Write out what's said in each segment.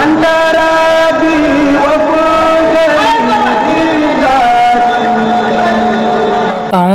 antara bi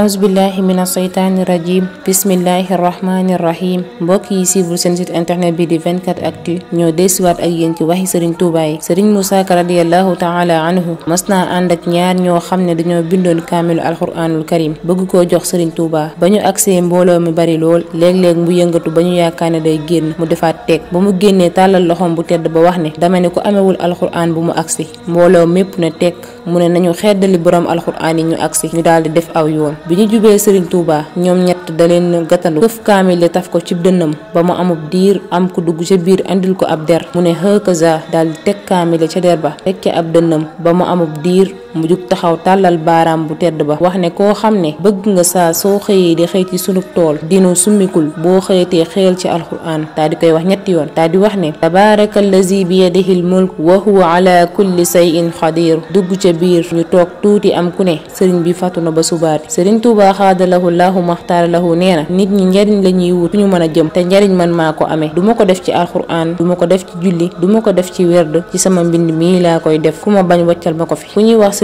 ahousubillahi min aseytaani rajim bismillahi rahmaani rahim mbokk yi suivre seen site internet bi di 24 actu ñoo desiwaat ak yéen ci waxi sëriñ Tuubaa yi sëriñ Muusaa Ka radiallahu taala anhu mas naa ànd ak ñaar ñoo xam ne dañoo bindoon kaamilu alxuraanul karim bëgg koo jox sëriñ Tuubaa ba ñu agsee mbooloo mi bari lool léeg-léeg mu yëngatu ba ñu yaakaar ne day génn mu defaat teg ba mu génnee tàllal loxoom bu tedd ba wax ne dama ne ku amewul alxuraan bu mu agsi mbooloo mépp na teg mu ne nañu xeddali boroom alxuraan yi ñu agsi ñu daal di def aw yoon bi ñu jubee Serigne Touba ñoom ñett da leen gàttandu këf kaamil taf ko cib dënnam ba mu amub diir am ku dugg ca biir indil ko ab der mu ne xëkasa daal di teg kaamil ca der ba tekki ab dënnam ba mu amub diir mu jug taxaw tàllal baaraam bu tedd ba wax ne koo xam ne bëgg nga saa soo xëyee di xëy ci sunub tool dinu summikul boo xëyatee xëyal ci alxuraan daa di koy wax ñetti yoon daa di wax ne tabaraka allazi bi yadihi l mulk wa huwa ala kulli sayin xadir dugg ca biir ñu toog tuuti am ku ne sëriñ bi fàttu na ba subaati sëriñ tuuba xaadalahu laahu maxtaara lahu nee na nit ñi njariñ la ñuy wut ñu mën a jëm te njariñ man maa ko amee duma ko def ci alxuraan du ma ko def ci julli du ko def ci werd ci sama mbind mii laa koy def ku ma bañ waccal ma ko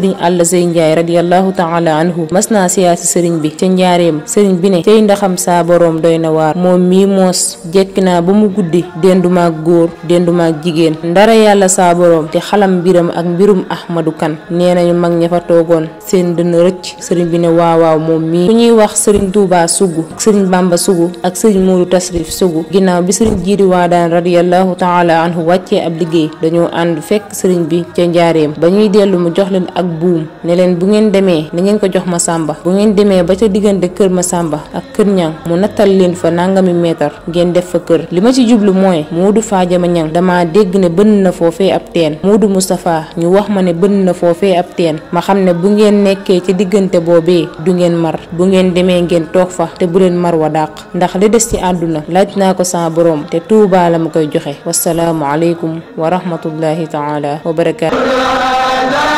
sëriñ àll sey njaay radiallahu taala anhu mas naa siyaasi sëriñ bi ca njaareem sëriñ bi ne cay ndaxam saa boroom doy na waar moom mii moos jekk naa ba mu guddi dendumaak góor dendumaak jigéen ndara yàlla saa boroom te xalam mbiram ak mbirum ahmadu kan nee nañu mag ña fa toogoon seen dënn rëcc sëriñ bi ne waawaaw moom mii ku ñuy wax sëriñ tuubaa sugu sëriñ bamba sugu ak sëriñ muudu tasrif sugu ginnaaw bi sëriñ jiiri waa radiallahu taala anhu wàccee ab liggéey dañoo ànd fekk sëriñ bi ca njaareem buum ne leen bu ngeen demee na ngeen ko jox ma sàmba bu ngeen demee ba ca diggante kër ma sàmba ak kër ñang mu nattal leen fa nangami meetar ngeen def fa kër li ma ci jublu mooy Moodu Faajama ñang dama dégg ne bënn na foofee ab teen Moodu mustafa ñu wax ma ne bënn na foofee ab teen ma xam ne bu ngeen nekkee ci diggante boobee du ngeen mar bu ngeen demee ngeen toog fa te bu leen mar wa dàq ndax li des ci àdduna laaj naa ko saa boroom te tuubaa la ma koy joxe wasalaamu aleykum wa rahmatullahi taala wa barakaatu